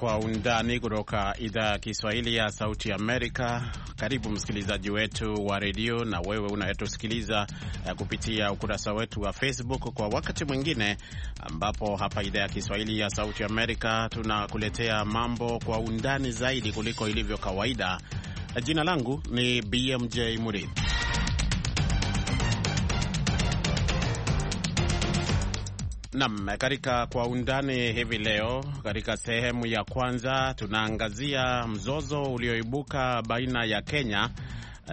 Kwa Undani kutoka idhaa ya Kiswahili ya Sauti Amerika. Karibu msikilizaji wetu wa redio na wewe unayetusikiliza eh, kupitia ukurasa wetu wa Facebook kwa wakati mwingine, ambapo hapa idhaa ya Kiswahili ya Sauti Amerika tunakuletea mambo kwa undani zaidi kuliko ilivyo kawaida. Jina langu ni BMJ Muridhi. Nam, katika kwa undani hivi leo, katika sehemu ya kwanza tunaangazia mzozo ulioibuka baina ya Kenya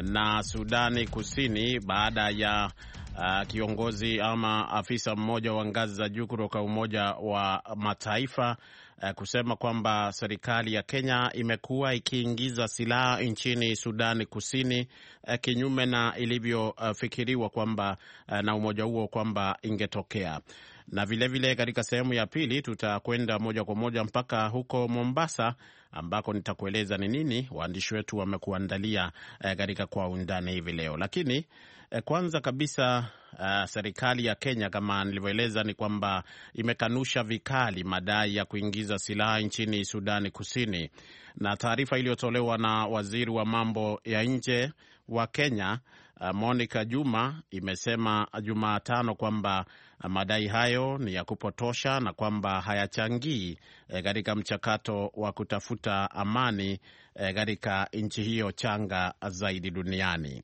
na Sudani Kusini baada ya uh, kiongozi ama afisa mmoja wa ngazi za juu kutoka Umoja wa Mataifa uh, kusema kwamba serikali ya Kenya imekuwa ikiingiza silaha nchini Sudani Kusini uh, kinyume na ilivyofikiriwa uh, kwamba uh, na umoja huo kwamba ingetokea na vilevile katika sehemu ya pili tutakwenda moja kwa moja mpaka huko Mombasa ambako nitakueleza ni nini waandishi wetu wamekuandalia eh, katika kwa undani hivi leo. Lakini eh, kwanza kabisa uh, serikali ya Kenya kama nilivyoeleza ni kwamba imekanusha vikali madai ya kuingiza silaha nchini Sudani Kusini, na taarifa iliyotolewa na waziri wa mambo ya nje wa Kenya Uh, Monica Juma imesema Jumatano kwamba uh, madai hayo ni ya kupotosha na kwamba hayachangii uh, katika mchakato wa kutafuta amani katika nchi hiyo changa zaidi duniani.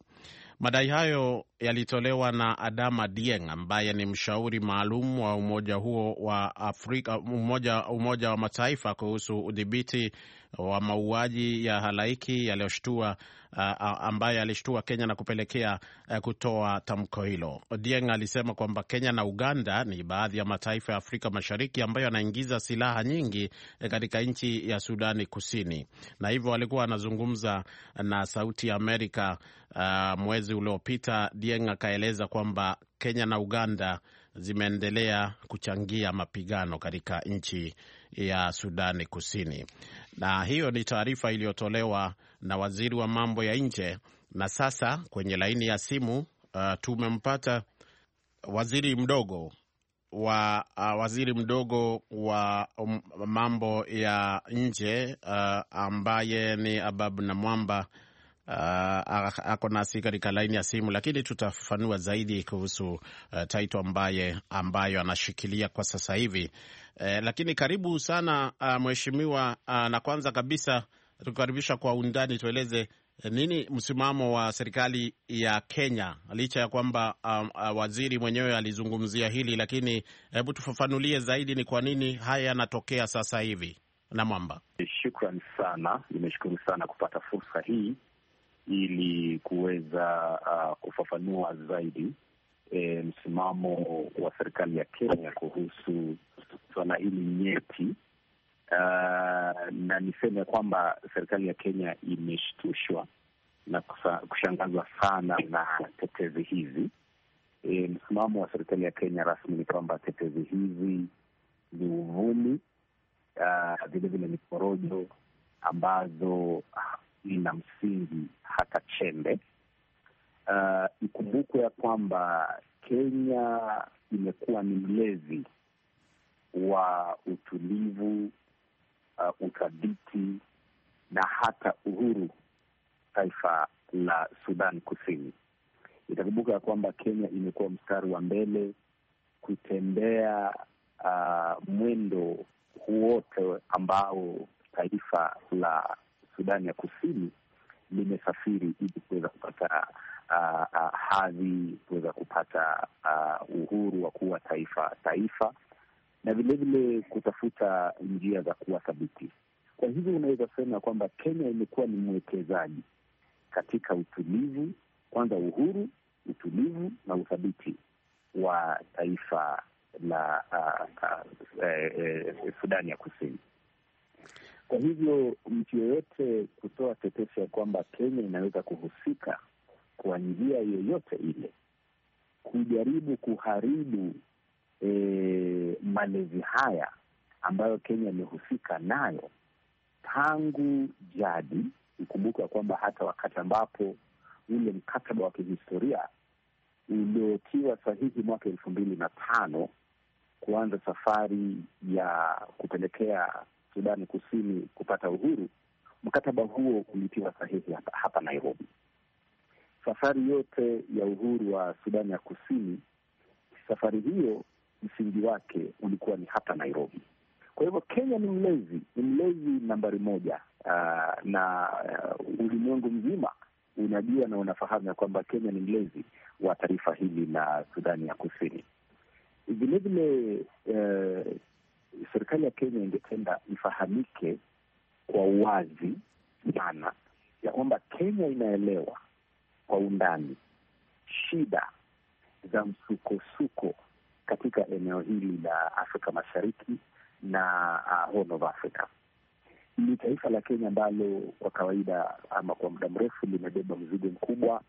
Madai hayo yalitolewa na Adama Dieng ambaye ni mshauri maalum wa umoja huo wa Afrika, umoja, umoja wa Mataifa kuhusu udhibiti wa mauaji ya halaiki yaliyoshtua uh, ambaye alishtua Kenya na kupelekea uh, kutoa tamko hilo. Odieng alisema kwamba Kenya na Uganda ni baadhi ya mataifa ya Afrika Mashariki ambayo yanaingiza silaha nyingi uh, katika nchi ya Sudani Kusini, na hivyo alikuwa anazungumza na Sauti ya Amerika uh, mwezi uliopita. Dieng akaeleza kwamba Kenya na Uganda zimeendelea kuchangia mapigano katika nchi ya Sudani Kusini. Na hiyo ni taarifa iliyotolewa na waziri wa mambo ya nje, na sasa kwenye laini ya simu uh, tumempata waziri mdogo wa uh, waziri mdogo wa um, mambo ya nje uh, ambaye ni Ababu Namwamba Ah, ah, ako nasi katika laini ya simu, lakini tutafafanua zaidi kuhusu uh, Taito ambaye ambayo anashikilia kwa sasa hivi uh, lakini karibu sana uh, mheshimiwa uh, na kwanza kabisa tukukaribisha kwa undani, tueleze eh, nini msimamo wa serikali ya Kenya licha ya kwamba um, uh, waziri mwenyewe alizungumzia hili, lakini hebu tufafanulie zaidi ni kwa nini haya yanatokea sasa hivi. na mwamba. shukran sana, nimeshukuru sana kupata fursa hii ili kuweza uh, kufafanua zaidi e, msimamo wa serikali ya Kenya kuhusu suala hili nyeti. Uh, na niseme kwamba serikali ya Kenya imeshtushwa na kushangazwa sana na tetezi hizi. E, msimamo wa serikali ya Kenya rasmi ni kwamba tetezi hizi ni uvumi, vilevile uh, ni porojo ambazo ina msingi hata chembe. Uh, ikumbukwe ya kwamba Kenya imekuwa ni mlezi wa utulivu, uh, uthabiti na hata uhuru taifa la Sudan Kusini. Itakumbuka ya kwamba Kenya imekuwa mstari wa mbele kutembea uh, mwendo wote ambao taifa la Sudani ya Kusini limesafiri ili kuweza kupata uh, uh, hadhi, kuweza kupata uh, uhuru wa kuwa taifa taifa, na vilevile kutafuta njia za kuwa thabiti. Kwa hivyo unaweza sema kwamba Kenya imekuwa ni mwekezaji katika utulivu, kwanza uhuru, utulivu na uthabiti wa taifa la uh, uh, uh, uh, Sudani ya Kusini. Kwa hivyo mtu yeyote kutoa tetesi ya kwamba Kenya inaweza kuhusika kwa njia yoyote ile kujaribu kuharibu e, malezi haya ambayo Kenya imehusika nayo tangu jadi. Ikumbuka kwamba hata wakati ambapo ule mkataba wa kihistoria uliotiwa sahihi mwaka elfu mbili na tano kuanza safari ya kupelekea Sudani Kusini kupata uhuru, mkataba huo ulitiwa sahihi hapa, hapa Nairobi. Safari yote ya uhuru wa Sudani ya Kusini, safari hiyo msingi wake ulikuwa ni hapa Nairobi. Kwa hivyo Kenya ni mlezi, ni mlezi nambari moja. Uh, na uh, ulimwengu mzima unajua na unafahamu ya kwamba Kenya ni mlezi wa taifa hili la Sudani ya Kusini. Vilevile uh, eh, serikali ya Kenya ingependa ifahamike kwa uwazi sana ya kwamba Kenya inaelewa kwa undani shida za msukosuko katika eneo hili la Afrika Mashariki na uh, Horn of Africa. Ni taifa la Kenya ambalo kwa kawaida ama kwa muda mrefu limebeba mzigo mkubwa,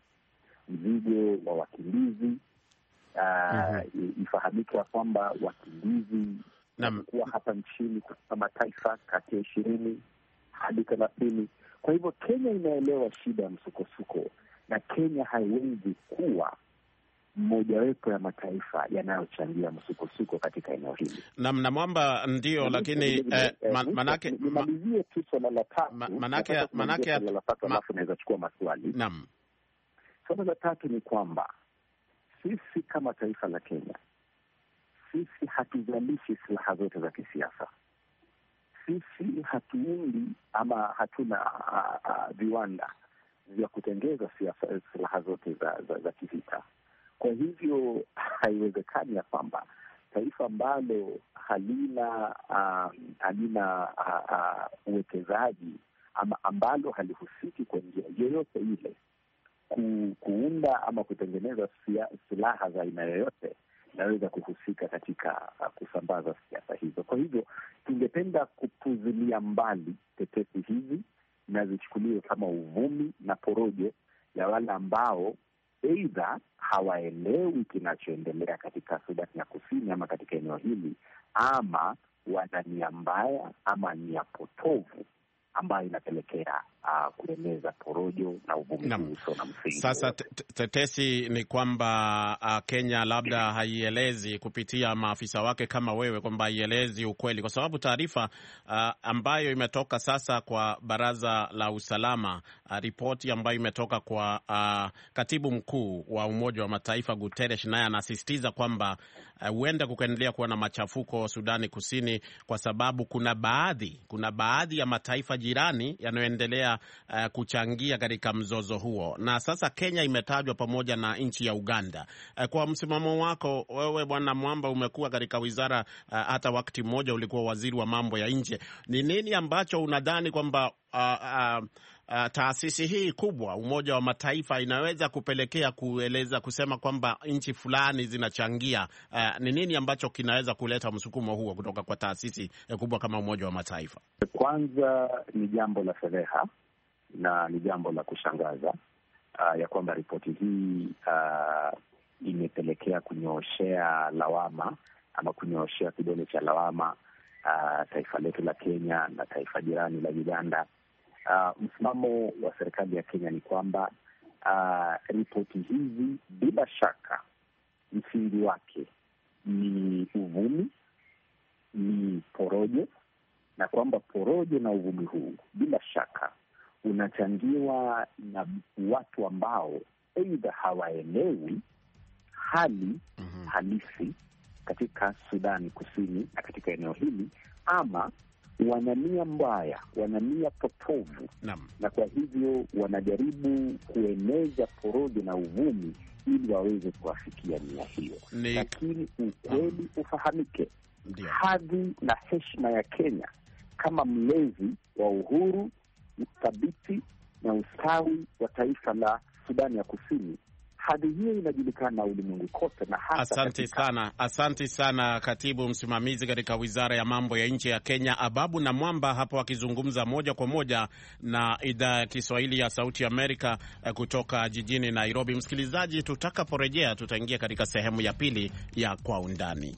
mzigo wa wakimbizi. Uh, mm -hmm. Ifahamike ya kwamba wakimbizi kuwa hapa nchini kutoka mataifa kati ya ishirini hadi thelathini. Kwa hivyo Kenya inaelewa shida ya msukosuko, na Kenya haiwezi kuwa mojawapo ya mataifa yanayochangia msukosuko katika eneo hili. Naam, na mwamba ndio, lakini eh, eh, manake nimalizie tu swala la tatu, alafu naweza chukua maswali. Naam, swala la tatu ni kwamba sisi kama taifa la Kenya sisi hatuzalishi silaha zote za kisiasa. Sisi hatuundi ama hatuna viwanda vya kutengeza silaha zote za, za, za kivita. Kwa hivyo haiwezekani ya kwamba taifa ambalo halina um, halina uwekezaji uh, uh, ama ambalo halihusiki kwa njia yoyote ile ku, kuunda ama kutengeneza silaha za aina yoyote inaweza kuhusika katika uh, kusambaza siasa hizo. Kwa hivyo tungependa kupuzilia mbali tetesi hizi na zichukuliwe kama uvumi na porojo ya wale ambao eidha hawaelewi kinachoendelea katika Sudani ya Kusini ama katika eneo hili, ama wana nia mbaya ama nia potovu ambayo inapelekea uh, kueneza porojo na uvumilivu usio na msingi. Sasa tetesi ni kwamba uh, Kenya labda haielezi kupitia maafisa wake kama wewe kwamba haielezi ukweli, kwa sababu taarifa uh, ambayo imetoka sasa kwa baraza la usalama uh, ripoti ambayo imetoka kwa uh, katibu mkuu wa Umoja wa Mataifa Guterres, naye anasisitiza kwamba huenda uh, kukaendelea kuwa na machafuko Sudani Kusini kwa sababu kuna baadhi kuna baadhi ya mataifa jirani yanayoendelea uh, kuchangia katika mzozo huo, na sasa Kenya imetajwa pamoja na nchi ya Uganda. Uh, kwa msimamo wako wewe, Bwana Mwamba, umekuwa katika wizara uh, hata wakati mmoja ulikuwa waziri wa mambo ya nje, ni nini ambacho unadhani kwamba uh, uh, Uh, taasisi hii kubwa Umoja wa Mataifa inaweza kupelekea kueleza kusema kwamba nchi fulani zinachangia. Ni uh, nini ambacho kinaweza kuleta msukumo huo kutoka kwa taasisi kubwa kama Umoja wa Mataifa? Kwanza ni jambo la fedheha na ni jambo la kushangaza uh, ya kwamba ripoti hii uh, imepelekea kunyooshea lawama ama kunyooshea kidole cha lawama uh, taifa letu la Kenya na taifa jirani la Uganda. Uh, msimamo wa serikali ya Kenya ni kwamba uh, ripoti hizi bila shaka msingi wake ni uvumi, ni porojo, na kwamba porojo na uvumi huu bila shaka unachangiwa na watu ambao aidha hawaelewi hali mm -hmm. halisi katika Sudani Kusini na katika eneo hili ama wanania mbaya, wanania potovu Nam. na kwa hivyo wanajaribu kueneza porojo na uvumi ili waweze kuwafikia nia hiyo Ni... lakini ukweli ufahamike, hadhi na heshima ya Kenya kama mlezi wa uhuru uthabiti na ustawi wa taifa la Sudani ya Kusini. hali hiyo inajulikana ulimwengu kote na hasa. Asante sana, asante sana katibu msimamizi katika wizara ya mambo ya nje ya Kenya, Ababu na Mwamba, hapo akizungumza moja kwa moja na idhaa ya Kiswahili ya Sauti Amerika eh, kutoka jijini Nairobi. Msikilizaji, tutakaporejea tutaingia katika sehemu ya pili ya Kwa Undani.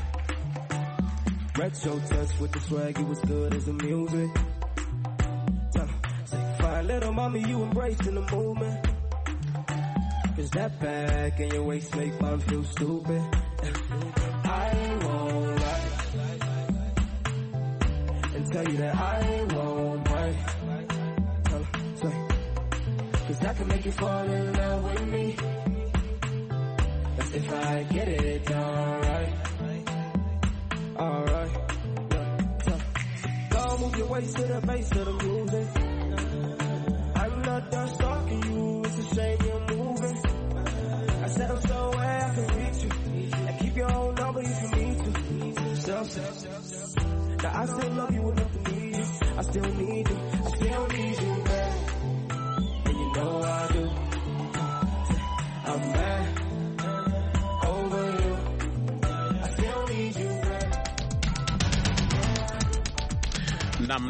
Retro touch with the swag, it was good as the music. Uh, say, fine little mommy, you embrace in the moment. Cause that back and your waist make mom feel stupid. I won't lie. And tell you that I won't bite. Tell say, Cause I can make you fall in love with me. That's if I get it done right. voice to the bass of the music. I'm not done stalking you, it's a shame you're moving. I said I'm somewhere I can reach you. I keep your own number if you need to. Self, self. Now I still love you enough to need you. I still need you.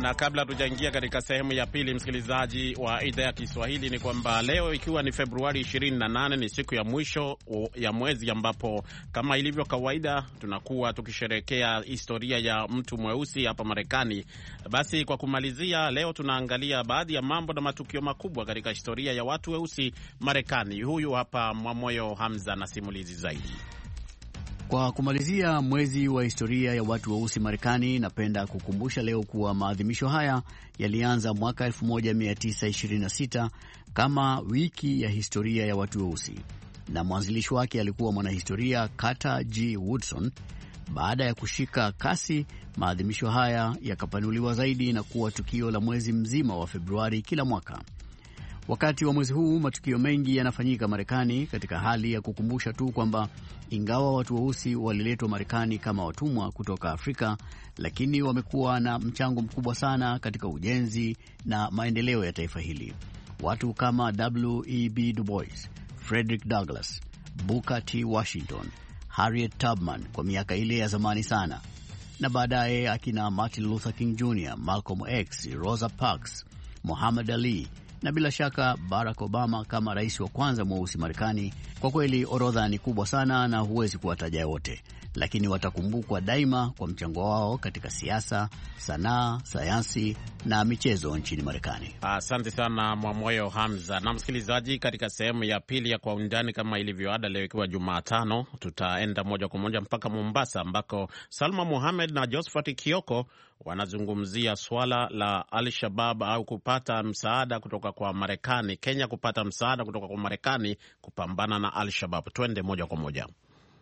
na kabla tujaingia katika sehemu ya pili, msikilizaji wa idhaa ya Kiswahili, ni kwamba leo ikiwa ni Februari 28 ni siku ya mwisho ya mwezi ambapo kama ilivyo kawaida tunakuwa tukisherekea historia ya mtu mweusi hapa Marekani. Basi kwa kumalizia, leo tunaangalia baadhi ya mambo na matukio makubwa katika historia ya watu weusi Marekani. Huyu hapa Mwamoyo Hamza na simulizi zaidi. Kwa kumalizia mwezi wa historia ya watu weusi wa Marekani, napenda kukumbusha leo kuwa maadhimisho haya yalianza mwaka 1926 kama wiki ya historia ya watu weusi wa na mwanzilishi wake alikuwa mwanahistoria Carter G. Woodson. Baada ya kushika kasi, maadhimisho haya yakapanuliwa zaidi na kuwa tukio la mwezi mzima wa Februari kila mwaka. Wakati wa mwezi huu matukio mengi yanafanyika Marekani katika hali ya kukumbusha tu kwamba ingawa watu weusi waliletwa Marekani kama watumwa kutoka Afrika, lakini wamekuwa na mchango mkubwa sana katika ujenzi na maendeleo ya taifa hili. Watu kama W.E.B. Du Bois, Frederick Douglass, Booker T. Washington, Harriet Tubman kwa miaka ile ya zamani sana, na baadaye akina Martin Luther King Jr, Malcolm X, Rosa Parks, Muhammad Ali na bila shaka Barack Obama kama rais wa kwanza mweusi Marekani. Kwa kweli orodha ni kubwa sana na huwezi kuwataja wote, lakini watakumbukwa daima kwa mchango wao katika siasa, sanaa, sayansi na michezo nchini Marekani. Asante sana Mwamoyo Hamza. Na msikilizaji, katika sehemu ya pili ya Kwa Undani, kama ilivyoada, leo ikiwa Jumatano, tutaenda moja kwa moja mpaka Mombasa ambako Salma Muhamed na Josephat Kioko wanazungumzia swala la Al-Shabab au kupata msaada kutoka kwa Marekani, Kenya kupata msaada kutoka kwa Marekani kupambana na Al-Shabab. Twende moja kwa moja.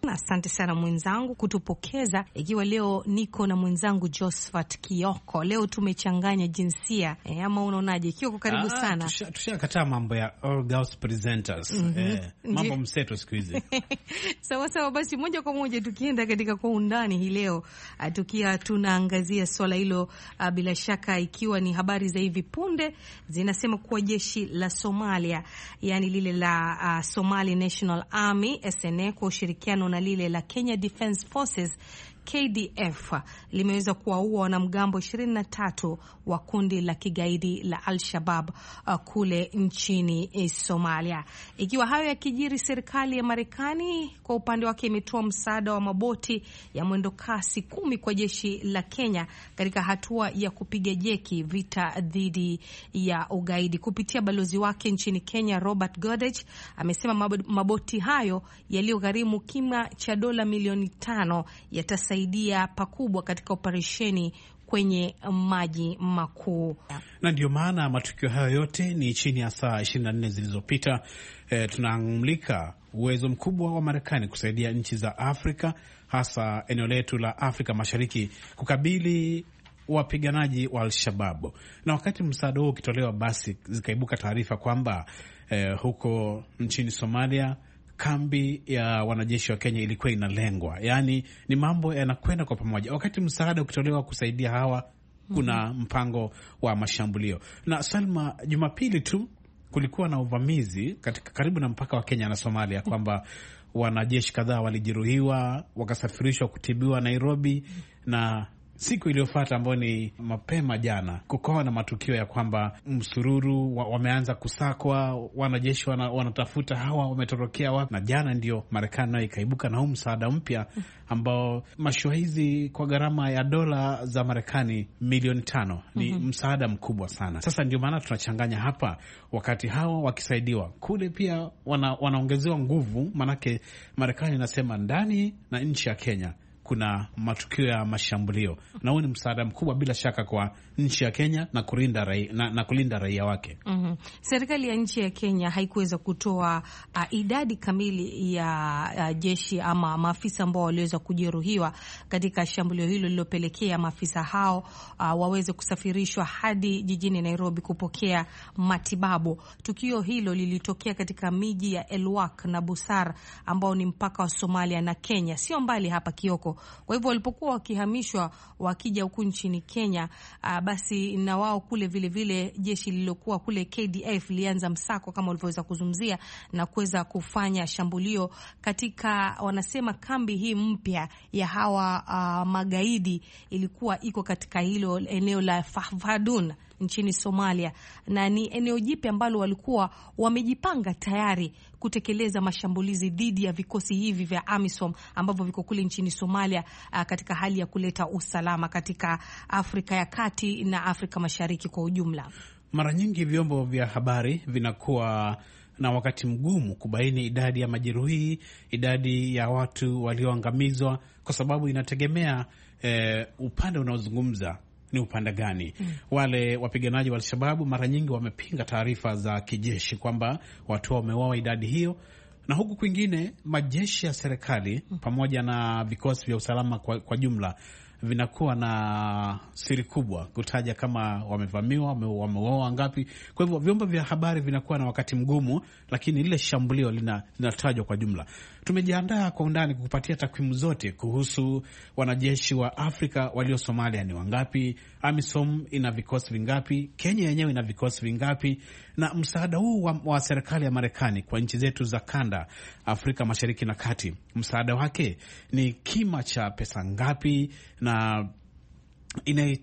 Asante sana mwenzangu kutupokeza. Ikiwa leo niko na mwenzangu Josphat Kioko, leo tumechanganya jinsia e, ama unaonaje? Kioko, karibu ah, sana. Tushakataa tusha mambo ya all girls presenters mm -hmm. E, mambo mseto siku hizi sawa sawa. Basi moja kwa moja tukienda katika kwa undani hii leo, ah, tukia tunaangazia swala hilo ah, bila shaka, ikiwa ni habari za hivi punde zinasema kuwa jeshi la Somalia, yani lile la uh, Somali National Army SNA kwa ushirikiano na lile la Kenya Defence Forces KDF limeweza kuwaua wanamgambo 23 wa kundi la kigaidi la Al-Shabab uh, kule nchini eh, Somalia. Ikiwa hayo yakijiri, serikali ya Marekani kwa upande wake imetoa msaada wa maboti ya mwendo kasi kumi kwa jeshi la Kenya katika hatua ya kupiga jeki vita dhidi ya ugaidi. Kupitia balozi wake nchini Kenya, Robert Godech amesema maboti hayo yaliyogharimu kima cha dola milioni tano yatasaidia kusaidia pakubwa katika operesheni kwenye maji makuu. Na ndiyo maana matukio hayo yote ni chini ya saa 24 zilizopita. E, tunamulika uwezo mkubwa wa Marekani kusaidia nchi za Afrika, hasa eneo letu la Afrika Mashariki kukabili wapiganaji wa al Na wakati msaada huo ukitolewa, basi zikaibuka taarifa kwamba e, huko nchini Somalia kambi ya wanajeshi wa Kenya ilikuwa inalengwa. Yaani ni mambo yanakwenda kwa pamoja, wakati msaada ukitolewa kusaidia hawa kuna mhm. mpango wa mashambulio. Na Salma, Jumapili tu kulikuwa na uvamizi katika karibu na mpaka wa Kenya na Somalia, kwamba wanajeshi kadhaa walijeruhiwa wakasafirishwa kutibiwa Nairobi, na siku iliyofuata ambayo ni mapema jana, kukawa na matukio ya kwamba msururu wa, wameanza kusakwa, wanajeshi wana, wanatafuta hawa wametorokea wapi, na jana ndio Marekani nayo ikaibuka na huu msaada mpya ambao mashua hizi kwa gharama ya dola za Marekani milioni tano ni mm -hmm. msaada mkubwa sana. Sasa ndio maana tunachanganya hapa, wakati hawa wakisaidiwa kule, pia wana, wanaongezewa nguvu, maanake Marekani inasema ndani na nchi ya Kenya kuna matukio ya mashambulio, na huu ni msaada mkubwa bila shaka kwa nchi ya Kenya na kulinda raia, na, na kulinda raia wake. mm -hmm. Serikali ya nchi ya Kenya haikuweza kutoa uh, idadi kamili ya uh, jeshi ama maafisa ambao waliweza kujeruhiwa katika shambulio hilo lililopelekea maafisa hao uh, waweze kusafirishwa hadi jijini Nairobi kupokea matibabu. Tukio hilo lilitokea katika miji ya Elwak na Busar ambao ni mpaka wa Somalia na Kenya, sio mbali hapa Kioko, kwa hivyo walipokuwa wakihamishwa wakija huku nchini Kenya, uh, basi na wao kule vilevile vile jeshi lililokuwa kule KDF lilianza msako kama ulivyoweza kuzungumzia na kuweza kufanya shambulio katika wanasema kambi hii mpya ya hawa uh, magaidi ilikuwa iko katika hilo eneo la Fahfadun nchini Somalia, na ni eneo jipi ambalo walikuwa wamejipanga tayari kutekeleza mashambulizi dhidi ya vikosi hivi vya AMISOM ambavyo viko kule nchini Somalia, a, ah, katika hali ya kuleta usalama katika Afrika ya Kati na Afrika Mashariki kwa ujumla. Mara nyingi vyombo vya habari vinakuwa na wakati mgumu kubaini idadi ya majeruhi, idadi ya watu walioangamizwa, kwa sababu inategemea e, upande unaozungumza ni upande gani? mm. Wale wapiganaji wa Alshababu mara nyingi wamepinga taarifa za kijeshi kwamba watu wameuawa idadi hiyo, na huku kwingine majeshi ya serikali mm. pamoja na vikosi vya usalama kwa, kwa jumla vinakuwa na siri kubwa kutaja kama wamevamiwa, wameuawa wangapi. Kwa hivyo vyombo vya habari vinakuwa na wakati mgumu, lakini lile shambulio linatajwa lina kwa jumla. Tumejiandaa kwa undani kukupatia takwimu zote kuhusu wanajeshi wa Afrika walio Somalia ni wangapi, AMISOM ina vikosi vingapi, Kenya yenyewe ina vikosi vingapi, na msaada huu wa, wa serikali ya Marekani kwa nchi zetu za kanda Afrika Mashariki na Kati, msaada wake ni kima cha pesa ngapi na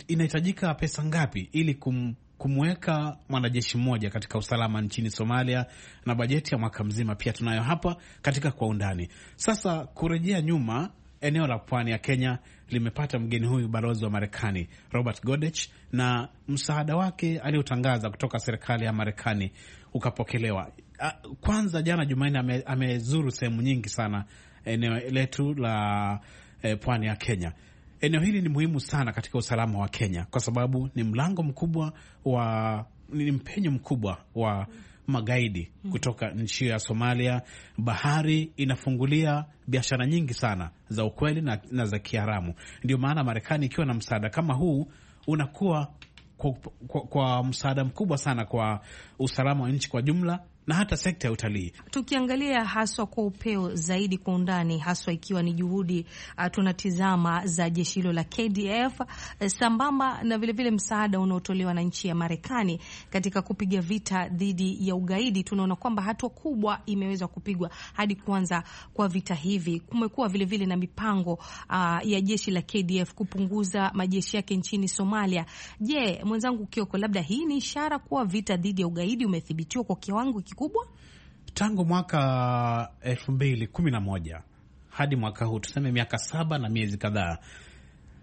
inahitajika pesa ngapi ili kum kumweka mwanajeshi mmoja katika usalama nchini Somalia, na bajeti ya mwaka mzima pia tunayo hapa katika kwa undani. Sasa kurejea nyuma, eneo la pwani ya Kenya limepata mgeni huyu balozi wa Marekani Robert Godech, na msaada wake aliyotangaza kutoka serikali ya Marekani ukapokelewa ah, kwanza jana Jumanne. Amezuru ame sehemu nyingi sana eneo letu la e, pwani ya Kenya. Eneo hili ni muhimu sana katika usalama wa Kenya kwa sababu ni mlango mkubwa wa ni mpenyo mkubwa wa magaidi kutoka nchi ya Somalia. Bahari inafungulia biashara nyingi sana za ukweli na, na za kiharamu. Ndio maana Marekani ikiwa na msaada kama huu unakuwa kwa, kwa, kwa msaada mkubwa sana kwa usalama wa nchi kwa jumla na hata sekta ya utalii. Tukiangalia haswa kwa upeo zaidi, kwa undani haswa, ikiwa ni juhudi uh, tunatizama za jeshi hilo la KDF uh, sambamba na vilevile vile msaada unaotolewa na nchi ya Marekani katika kupiga vita dhidi ya ugaidi, tunaona kwamba hatua kubwa imeweza kupigwa hadi kuanza kwa vita hivi. Kumekuwa vilevile na mipango uh, ya jeshi la KDF kupunguza majeshi yake nchini Somalia. Je, mwenzangu Kioko, labda hii ni ishara kuwa vita dhidi ya ugaidi umethibitiwa kwa kiwango kikubwa tangu mwaka eh, elfu mbili kumi na moja hadi mwaka huu, tuseme miaka saba na miezi kadhaa.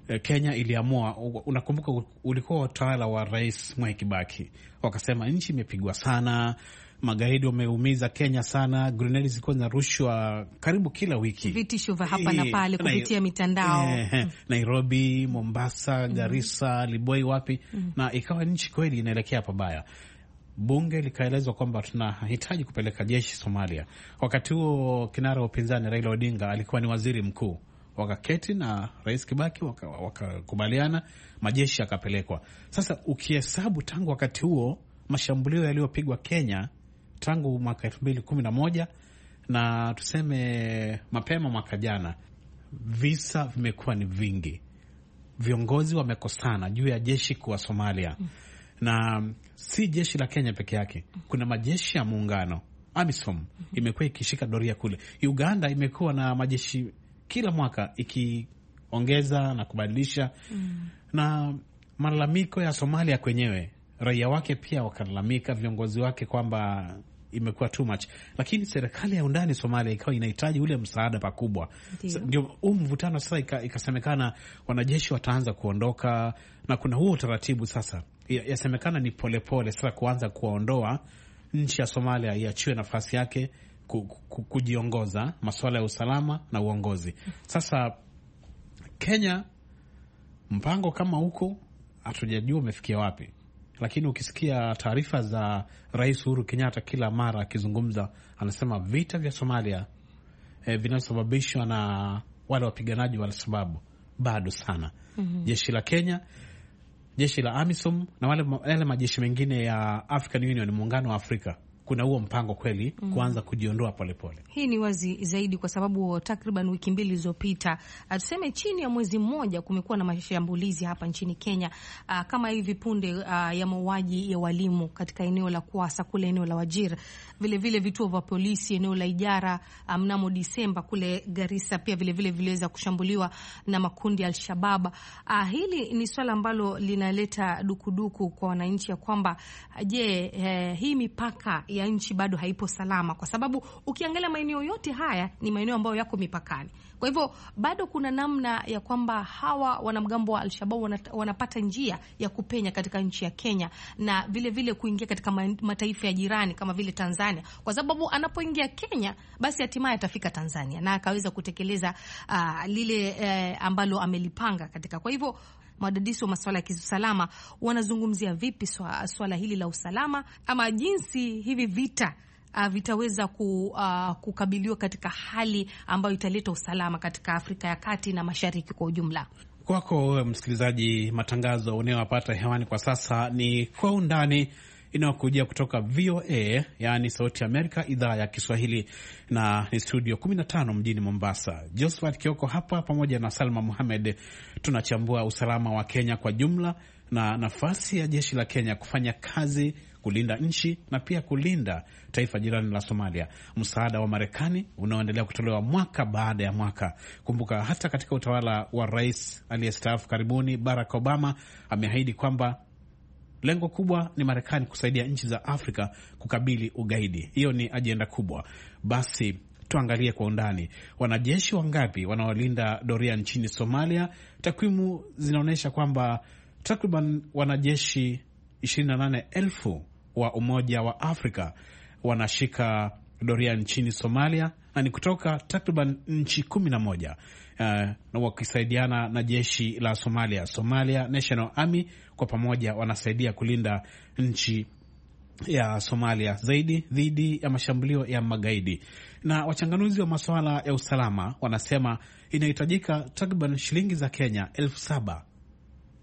Eh, Kenya iliamua, unakumbuka, ulikuwa utawala wa Rais Mwai Kibaki, wakasema nchi imepigwa sana, magaidi wameumiza Kenya sana, grenedi zilikuwa zinarushwa karibu kila wiki, vitisho vya hapa na pale kupitia mitandao e, Nairobi, Mombasa, mm. Garissa, Liboi, wapi mm. na ikawa nchi kweli inaelekea pabaya bunge likaelezwa kwamba tunahitaji kupeleka jeshi Somalia. Wakati huo kinara wa upinzani Raila Odinga alikuwa ni waziri mkuu, wakaketi na Rais Kibaki wakakubaliana, waka majeshi yakapelekwa. Sasa ukihesabu tangu wakati huo mashambulio yaliyopigwa Kenya tangu mwaka elfu mbili kumi na moja na tuseme mapema mwaka jana, visa vimekuwa ni vingi, viongozi wamekosana juu ya jeshi kuwa Somalia mm. na si jeshi la Kenya peke yake, kuna majeshi ya muungano AMISOM imekuwa ikishika doria kule. Uganda imekuwa na majeshi kila mwaka ikiongeza na kubadilisha mm. na malalamiko ya Somalia kwenyewe, raia wake pia wakalalamika, viongozi wake kwamba imekuwa too much, lakini serikali ya undani Somalia ikawa inahitaji ule msaada pakubwa. Ndio huu mvutano sasa, ikasemekana wanajeshi wataanza kuondoka na kuna huo utaratibu sasa yasemekana ni polepole sasa kuanza kuwaondoa nchi ya Somalia iachiwe nafasi yake kujiongoza masuala ya usalama na uongozi. Sasa Kenya, mpango kama huko hatujajua umefikia wapi, lakini ukisikia taarifa za Rais Uhuru Kenyatta kila mara akizungumza, anasema vita vya Somalia eh, vinavyosababishwa na wale wapiganaji wa al bado sana. mm -hmm. Jeshi la Kenya jeshi la AMISOM na wale, majeshi mengine ya African Union, muungano wa Afrika kuna huo mpango kweli mm. kuanza kujiondoa polepole. Hii ni wazi zaidi kwa sababu takriban wiki mbili zilizopita, ah, tuseme chini ya mwezi mmoja, kumekuwa na mashambulizi hapa nchini Kenya a, ah, kama hivi punde a, ah, ya mauaji ya walimu katika eneo la Kwasa kule eneo la Wajir, vilevile vituo vya polisi eneo la Ijara mnamo Disemba kule Garissa pia vilevile viliweza kushambuliwa na makundi ya Alshabab. Hili ni swala ambalo linaleta dukuduku kwa wananchi ya kwamba je, eh, hii mipaka ya nchi bado haipo salama, kwa sababu ukiangalia maeneo yote haya ni maeneo ambayo yako mipakani. Kwa hivyo bado kuna namna ya kwamba hawa wanamgambo wa Alshababu wanapata njia ya kupenya katika nchi ya Kenya na vilevile vile kuingia katika mataifa ya jirani kama vile Tanzania, kwa sababu anapoingia Kenya basi hatimaye atafika Tanzania na akaweza kutekeleza uh, lile uh, ambalo amelipanga katika. Kwa hivyo mwadadisi wa masuala ya kiusalama wanazungumzia vipi swala, hili la usalama ama jinsi hivi vita Uh, vitaweza ku, uh, kukabiliwa katika hali ambayo italeta usalama katika Afrika ya Kati na Mashariki kwa ujumla. Kwako msikilizaji, matangazo unayowapata hewani kwa sasa ni kwa undani inayokujia kutoka VOA yaani Sauti Amerika, idhaa ya Kiswahili, na ni studio 15 mjini Mombasa. Josephat Kioko hapa pamoja na Salma Muhamed tunachambua usalama wa Kenya kwa jumla na nafasi ya jeshi la Kenya kufanya kazi kulinda nchi na pia kulinda taifa jirani la Somalia, msaada wa Marekani unaoendelea kutolewa mwaka baada ya mwaka. Kumbuka hata katika utawala wa rais aliyestaafu karibuni Barack Obama ameahidi kwamba Lengo kubwa ni Marekani kusaidia nchi za Afrika kukabili ugaidi. Hiyo ni ajenda kubwa. Basi tuangalie kwa undani, wanajeshi wangapi wanaolinda doria nchini Somalia? Takwimu zinaonyesha kwamba takriban wanajeshi 28,000 wa Umoja wa Afrika wanashika doria nchini Somalia na ni kutoka takriban nchi kumi na moja uh, wakisaidiana na jeshi la Somalia, Somalia National Army. Kwa pamoja wanasaidia kulinda nchi ya Somalia zaidi dhidi ya mashambulio ya magaidi. Na wachanganuzi wa masuala ya usalama wanasema inahitajika takriban shilingi za Kenya elfu saba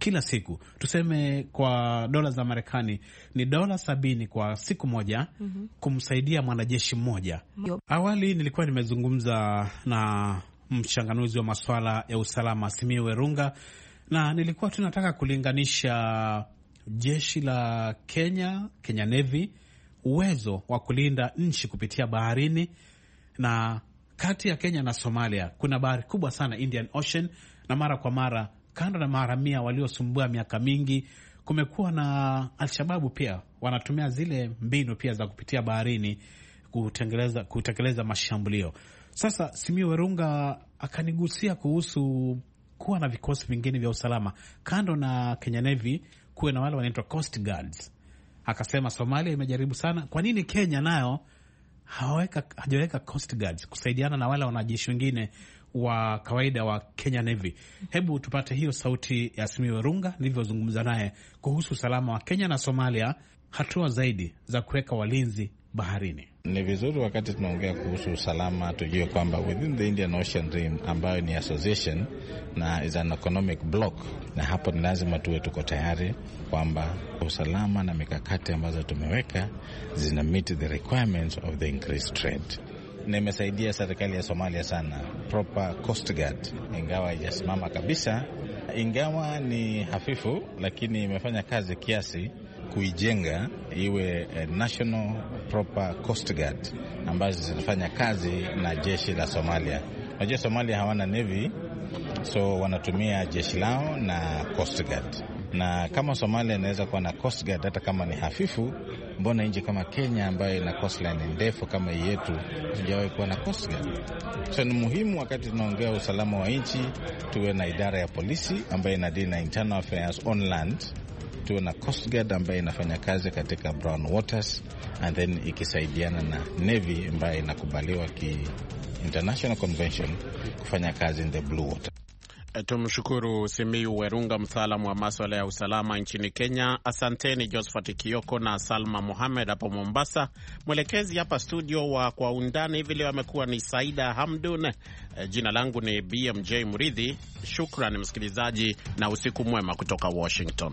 kila siku, tuseme kwa dola za Marekani ni dola sabini kwa siku moja mm -hmm. kumsaidia mwanajeshi mmoja. Awali nilikuwa nimezungumza na mchanganuzi wa masuala ya usalama Simiu Werunga, na nilikuwa tunataka kulinganisha jeshi la Kenya, Kenya Navy, uwezo wa kulinda nchi kupitia baharini na kati ya Kenya na Somalia kuna bahari kubwa sana Indian Ocean, na mara kwa mara kando na maharamia waliosumbua miaka mingi, kumekuwa na Alshababu pia wanatumia zile mbinu pia za kupitia baharini kutekeleza kutekeleza mashambulio. Sasa Simio Werunga akanigusia kuhusu kuwa na vikosi vingine vya usalama kando na Kenya Navy, kuwe na wale wanaitwa Coast Guards. Akasema Somalia imejaribu sana, kwa nini Kenya nayo hajaweka Coast Guards kusaidiana na wale wanajeshi wengine wa kawaida wa Kenya Navy. Hebu tupate hiyo sauti ya Simiyu Runga nilivyozungumza naye kuhusu usalama wa Kenya na Somalia, hatua zaidi za kuweka walinzi baharini. Ni vizuri wakati tunaongea kuhusu usalama tujue kwamba within the Indian Ocean Rim ambayo ni association na is an economic block, na hapo ni lazima tuwe tuko tayari kwamba usalama na mikakati ambazo tumeweka zina meet the requirements of the increased trade na imesaidia serikali ya Somalia sana, proper coast guard, ingawa haijasimama kabisa, ingawa ni hafifu, lakini imefanya kazi kiasi kuijenga iwe eh, national proper coast guard ambazo zinafanya kazi na jeshi la Somalia. najua Somalia hawana navy, so wanatumia jeshi lao na coast guard, na kama Somalia inaweza kuwa na coast guard hata kama ni hafifu, Mbona nchi kama Kenya ambayo ina coastline ndefu kama hii yetu hatujawahi kuwa na coast So ni muhimu wakati tunaongea usalama wa nchi tuwe na idara ya polisi ambayo inadili na internal affairs on land, tuwe na coast guard ambayo inafanya kazi katika brown waters and then ikisaidiana na navy ambayo inakubaliwa ki international convention kufanya kazi in the blue water. Eh, tumshukuru Simiu Werunga, mtaalamu wa maswala ya usalama nchini Kenya. Asanteni Josphat Kioko na Salma Mohamed hapo Mombasa. Mwelekezi hapa studio wa Kwa Undani hivi leo amekuwa ni Saida Hamdun. Eh, jina langu ni BMJ mridhi Shukran msikilizaji, na usiku mwema kutoka Washington.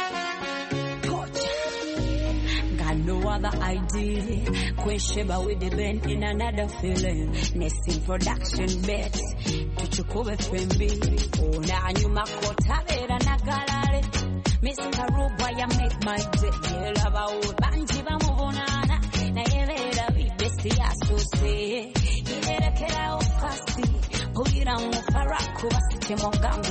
no other idea. Kwesheba with the band in another feeling. Nesting production bet. to Tuchukue FMB. Ona anyuma na nakalale. Mr. Ruba ya make my day. Yela bawe banji bamubonana. Na yelera bibesi asose. Yerekera okasi. Ulira mufarako basike mugambi.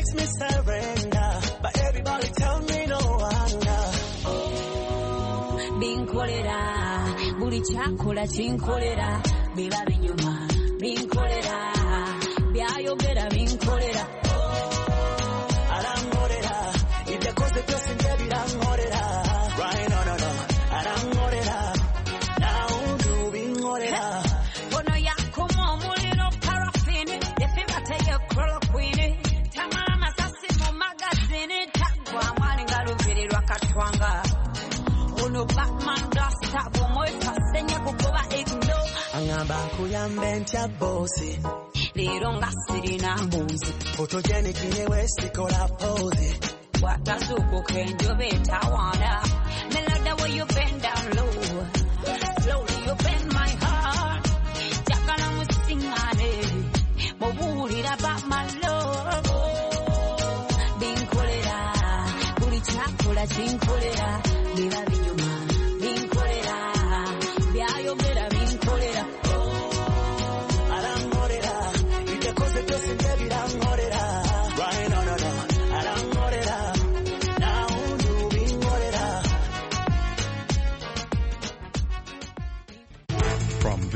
makes me surrender. But everybody tell me no wonder. Oh, binkolera, buli chakola chinkolera, biba binyuma, binkolera, byayogera binkolera. Oh, arankorera, ibyo akoze byose njye birankorera. Bro Batman blaster bumuefa senya kukuba ignore Angamba nkuyambe ntya boosi Leero nga sirina mbuzi Photogenic ne weesikola pose Watazuukuka enjoba etawaala Melada where you bend down low Slowly you bend my